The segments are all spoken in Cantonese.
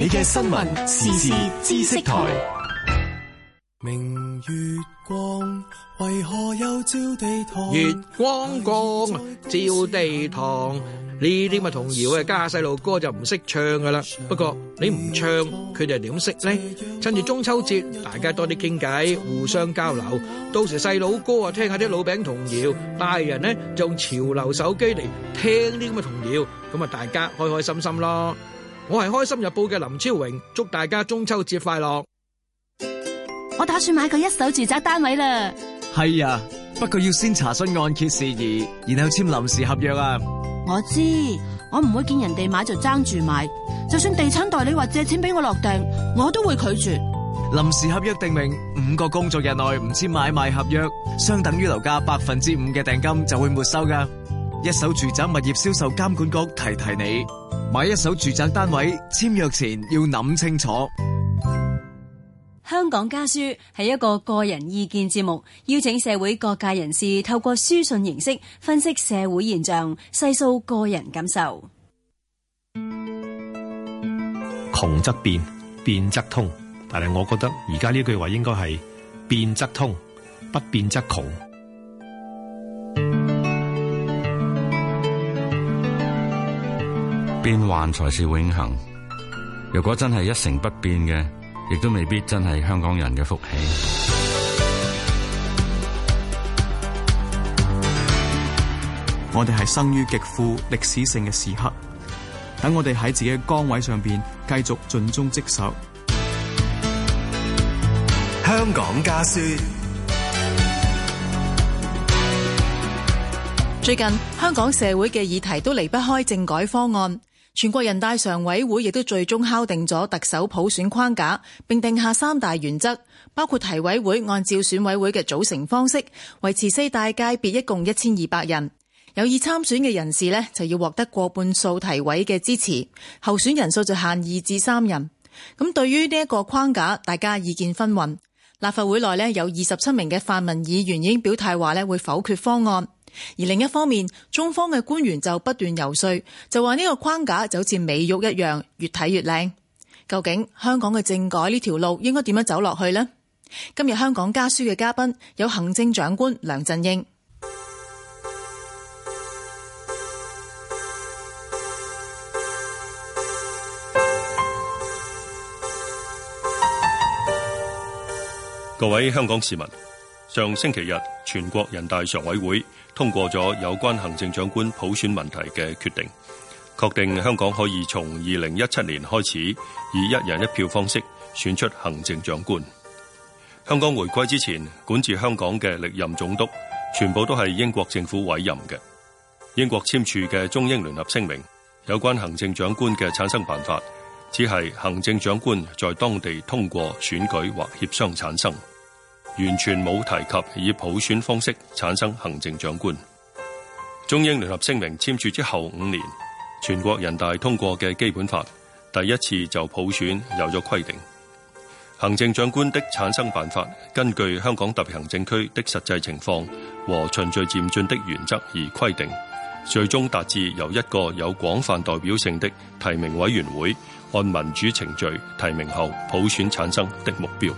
你嘅新聞時事知識台，明月光，為何又照地堂？月光光，照地堂。呢啲咪童謠啊，家下細路哥就唔識唱噶啦。不過你唔唱，佢哋又點識咧？趁住中秋節，大家多啲傾偈，互相交流。到時細佬哥啊，聽下啲老餅童謠；想大人呢，就用潮流手機嚟聽啲咁嘅童謠。咁啊想，大家開開心心咯～我係開心日報嘅林超榮，祝大家中秋節快樂。我打算買個一手住宅單位啦。係啊，不過要先查詢按揭事宜，然後簽臨時合約啊。我知，我唔會見人哋買就爭住買，就算地產代理話借錢俾我落訂，我都會拒絕。臨時合約訂明五個工作日內唔簽買賣合約，相等於樓價百分之五嘅訂金就會沒收噶。一手住宅物業銷售監管局提提你買一手住宅單位簽約前要諗清楚。香港家書係一個個人意見節目，邀請社會各界人士透過書信形式分析社會現象，細訴個人感受。窮則變，變則通，但係我覺得而家呢句話應該係變則通，不變則窮。變幻才是永恒。如果真係一成不變嘅，亦都未必真係香港人嘅福氣。 我哋係生於極富歷史性嘅時刻，等我哋喺自己嘅崗位上邊繼續盡忠職守。香港家書。最近香港社會嘅議題都離不開政改方案。全國人大常委會亦都最終敲定咗特首普選框架，並定下三大原則，包括提委會按照選委會嘅組成方式，維持四大界別，一共一千二百人。有意參選嘅人士呢，就要獲得過半數提委嘅支持，候選人數就限二至三人。咁對於呢一個框架，大家意見紛紜。立法會內呢，有二十七名嘅泛民議員已經表態話呢會否決方案。而另一方面，中方嘅官員就不斷游說，就話呢個框架就好似美玉一樣，越睇越靚。究竟香港嘅政改呢條路應該點樣走落去呢？今日香港家書嘅嘉賓有行政長官梁振英。各位香港市民。上星期日，全國人大常委會通過咗有關行政長官普選問題嘅決定，確定香港可以從二零一七年開始以一人一票方式選出行政長官。香港回歸之前，管治香港嘅歷任總督全部都係英國政府委任嘅。英國簽署嘅中英聯合聲明，有關行政長官嘅產生辦法，只係行政長官在當地通過選舉或協商產生。完全冇提及以普選方式產生行政長官。中英聯合聲明簽署之後五年，全國人大通過嘅基本法第一次就普選有咗規定。行政長官的產生辦法，根據香港特別行政區的實際情況和循序漸進的原則而規定，最終達至由一個有廣泛代表性的提名委員會按民主程序提名後普選產生的目標。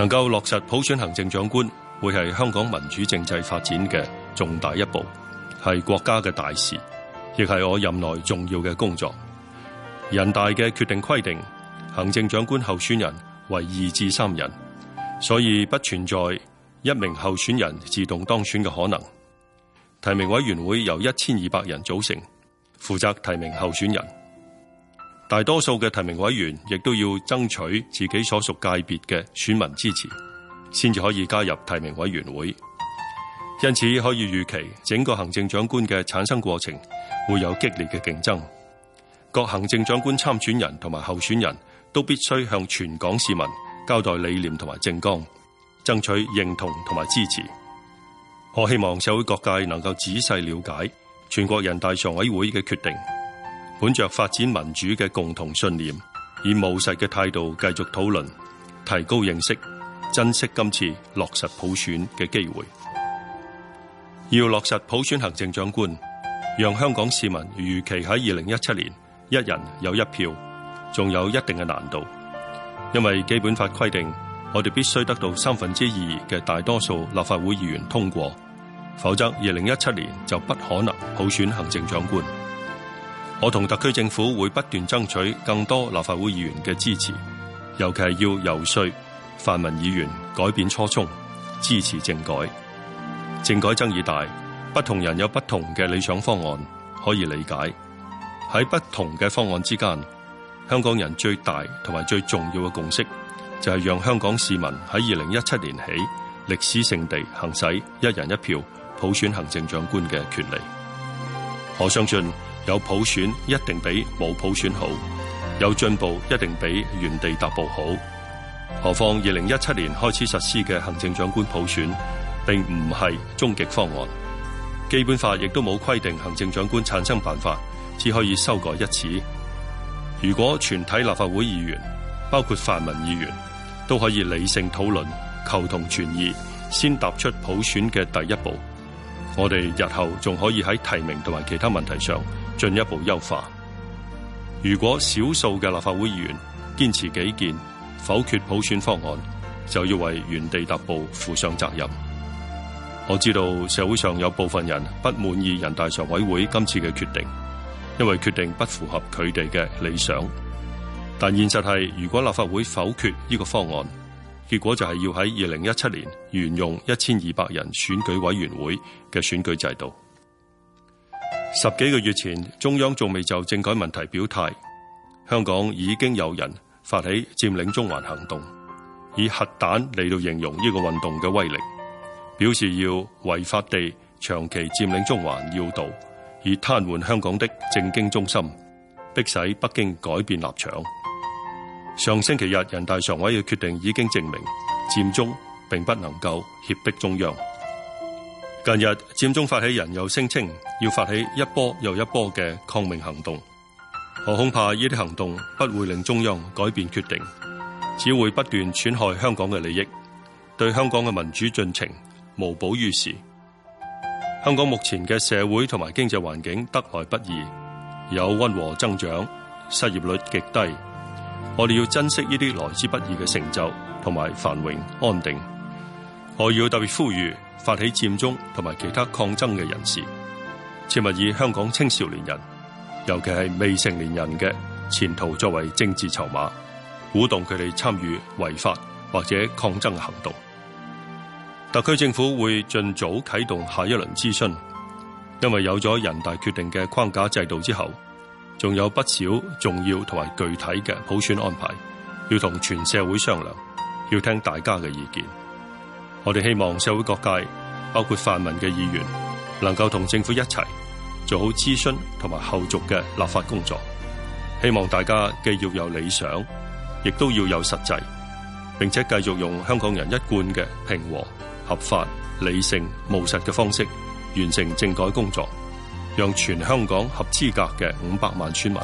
能夠落實普選行政長官，會係香港民主政制發展嘅重大一步，係國家嘅大事，亦係我任內重要嘅工作。人大嘅決定規定，行政長官候選人為二至三人，所以不存在一名候選人自動當選嘅可能。提名委員會由一千二百人組成，負責提名候選人。大多數嘅提名委員亦都要爭取自己所屬界別嘅選民支持，先至可以加入提名委員會。因此可以預期整個行政長官嘅產生過程會有激烈嘅競爭。各行政長官參選人同埋候選人，都必須向全港市民交代理念同埋政綱，爭取認同同埋支持。我希望社會各界能夠仔細了解全國人大常委會嘅決定。本着發展民主嘅共同信念，以務實嘅態度繼續討論，提高認識，珍惜今次落實普選嘅機會。要落實普選行政長官，讓香港市民預期喺二零一七年一人有一票，仲有一定嘅難度，因為基本法規定，我哋必須得到三分之二嘅大多數立法會議員通過，否則二零一七年就不可能普選行政長官。我同特區政府會不斷爭取更多立法會議員嘅支持，尤其係要游說泛民議員改變初衷，支持政改。政改爭議大，不同人有不同嘅理想方案，可以理解。喺不同嘅方案之間，香港人最大同埋最重要嘅共識就係讓香港市民喺二零一七年起歷史性地行使一人一票普選行政長官嘅權利。我相信。有普選一定比冇普選好，有進步一定比原地踏步好。何況二零一七年開始實施嘅行政長官普選，並唔係終極方案。基本法亦都冇規定行政長官產生辦法，只可以修改一次。如果全體立法會議員，包括泛民議員，都可以理性討論、求同存異，先踏出普選嘅第一步，我哋日後仲可以喺提名同埋其他問題上，進一步優化。如果少數嘅立法會議員堅持己見，否決普選方案，就要為原地踏步負上責任。我知道社會上有部分人不滿意人大常委會今次嘅決定，因為決定不符合佢哋嘅理想。但現實係，如果立法會否決呢個方案，結果就係要喺二零一七年沿用一千二百人選舉委員會嘅選舉制度。十幾個月前，中央仲未就政改問題表態，香港已經有人發起佔領中環行動，以核彈嚟到形容呢個運動嘅威力，表示要違法地長期佔領中環要道，以癱瘓香港的政經中心，迫使北京改變立場。上星期日人大常委嘅決定已經證明，佔中並不能夠脅迫中央。近日佔中發起人又聲稱要發起一波又一波嘅抗命行動，我恐怕呢啲行動不會令中央改變決定，只會不斷損害香港嘅利益，對香港嘅民主進程無補於事。香港目前嘅社會同埋經濟環境得來不易，有溫和增長，失業率極低，我哋要珍惜呢啲來之不易嘅成就同埋繁榮安定。我要特別呼籲。發起佔中同埋其他抗爭嘅人士，切勿以香港青少年人，尤其係未成年人嘅前途作為政治籌碼，鼓動佢哋參與違法或者抗爭行動。特區政府會盡早啟動下一輪諮詢，因為有咗人大決定嘅框架制度之後，仲有不少重要同埋具體嘅普選安排，要同全社會商量，要聽大家嘅意見。我哋希望社會各界，包括泛民嘅議員，能夠同政府一齊做好諮詢同埋後續嘅立法工作。希望大家既要有理想，亦都要有實際，並且繼續用香港人一貫嘅平和、合法、理性、務實嘅方式，完成政改工作，讓全香港合資格嘅五百萬村民，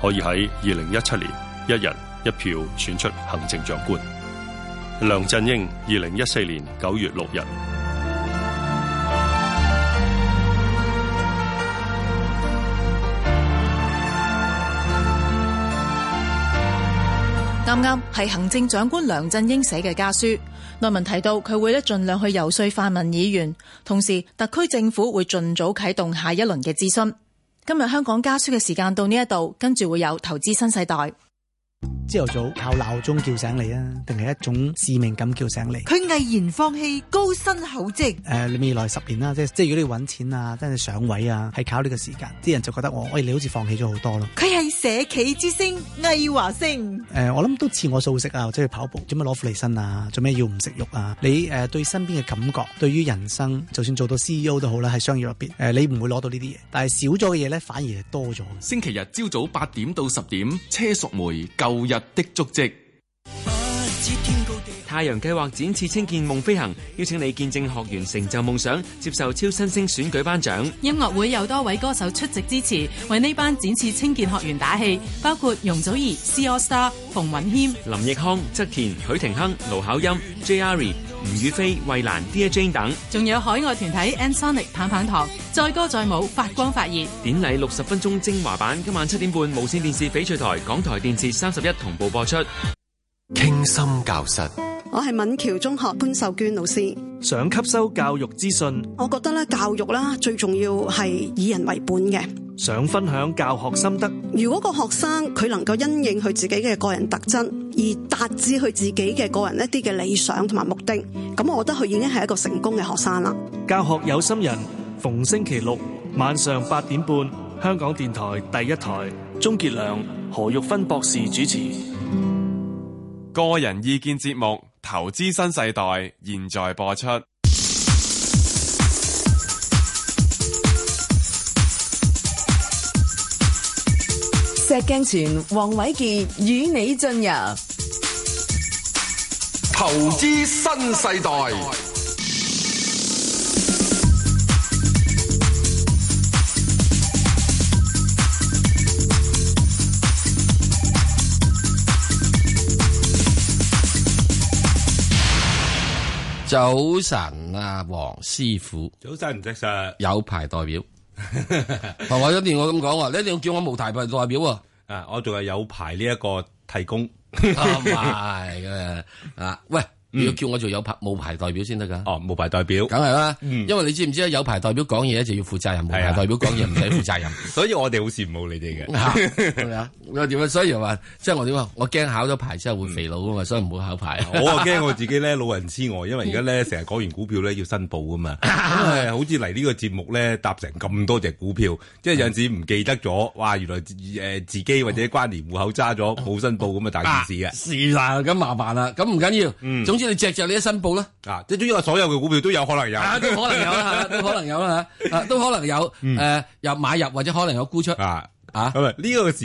可以喺二零一七年一人一票選出行政長官。梁振英二零一四年九月六日。啱啱係行政長官梁振英寫嘅家書，內文提到佢會咧盡量去游說泛民議員，同時特區政府會盡早啟動下一輪嘅諮詢。今日香港家書嘅時間到呢一度，跟住會有投資新世代。朝頭早靠鬧鐘叫醒你啊，定係一種使命感叫醒你。佢毅然放棄高薪厚職。誒、呃，未來十年啦，即係即係如果你揾錢啊，真係上位啊，係靠呢個時間。啲人就覺得我我、哦、你好似放棄咗好多咯。佢係社企之星，魏華星。誒、呃，我諗都似我素食啊，或者去跑步，做咩攞苦嚟辛啊？做咩要唔食肉啊？你誒、呃、對身邊嘅感覺，對於人生，就算做到 C E O 都好啦，喺商業入邊，誒、呃、你唔會攞到呢啲嘢，但係少咗嘅嘢咧，反而係多咗。星期日朝早八點到十點，車淑梅舊日的足跡，太陽計劃展翅青劍夢飛行，邀請你見證學員成就夢想，接受超新星選舉頒獎。音樂會有多位歌手出席支持，為呢班展翅青劍學員打氣，包括容祖兒、C AllStar、馮允謙、林奕匡、側田、許廷鏗、盧巧音、JR 吳雨霏、衛蘭、Dear Jane 等，仲有海外團體 N-Sonic 棒棒堂，載歌載舞，發光發熱。典禮六十分鐘精華版，今晚七點半無綫電視翡翠台、港台電視三十一同步播出。傾心教室，我係敏橋中學潘秀娟老師。想吸收教育資訊，我覺得咧，教育啦最重要係以人為本嘅。想分享教學心得，如果個學生佢能夠因應佢自己嘅個人特徵，而達至佢自己嘅個人一啲嘅理想同埋目的，咁我覺得佢已經係一個成功嘅學生啦。教學有心人，逢星期六晚上八點半，香港電台第一台，鍾杰良、何玉芬博士主持，個人意見節目。投資新世代，現在播出。石鏡泉、黃偉杰與你進入投資新世代。早晨啊，黃師傅。早晨，唔使晒有排代表，同 我一年我咁講啊，你一定要叫我無牌派代表喎、啊。啊，我仲係有，有排呢一個提供，唔係嘅，啊喂。如果叫我做有牌冇牌代表先得噶，哦，冇牌代表，梗係啦，因為你知唔知啊？有牌代表講嘢就要負責任，冇牌代表講嘢唔使負責任，所以我哋好羨慕你哋嘅，咁咪啊？點啊？所以又話，即係我點啊？我驚考咗牌之後會肥佬啊嘛，所以唔會考牌。我啊驚我自己咧老人痴呆、呃，因為而家咧成日講完股票咧要申報噶嘛，啊、好似嚟呢個節目咧搭成咁多隻股票，啊、即係有陣時唔記得咗，哇！原來誒自己或者關聯戶口揸咗冇申報咁啊大件事啊，是啦，咁麻煩啦，咁唔緊要，嗯即係只隻你一申報啦，啊，即係，終於話所有嘅股票都有可能有，都可能有啦，都可能有啦，吓，都可能有，誒、 啊、有買入或者可能有沽出啊，啊，咁啊，呢個時。